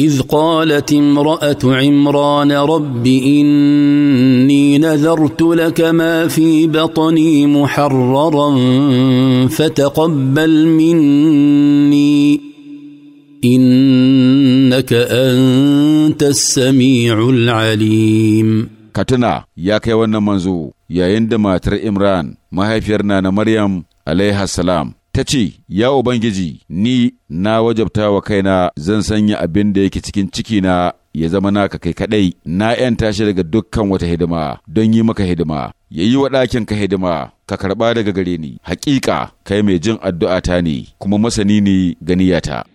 إذ قالت امرأة عمران رب إني نذرت لك ما في بطني محررا فتقبل مني إنك أنت السميع العليم كتنا يا كيوانا منزو يا إندما تر إمران ما هي فيرنا مريم عليها السلام ta ce, Ya Ubangiji, ni na wajabta wa kaina zan sanya abin da yake cikin cikina ya zama naka kai kaɗai, na ‘yanta shi daga dukkan wata hidima don yi maka hidima, ya yi wa ka hidima, ka karɓa daga gare ni, Haƙiƙa kai mai jin addu'ata ne, kuma masani ne ganiyata.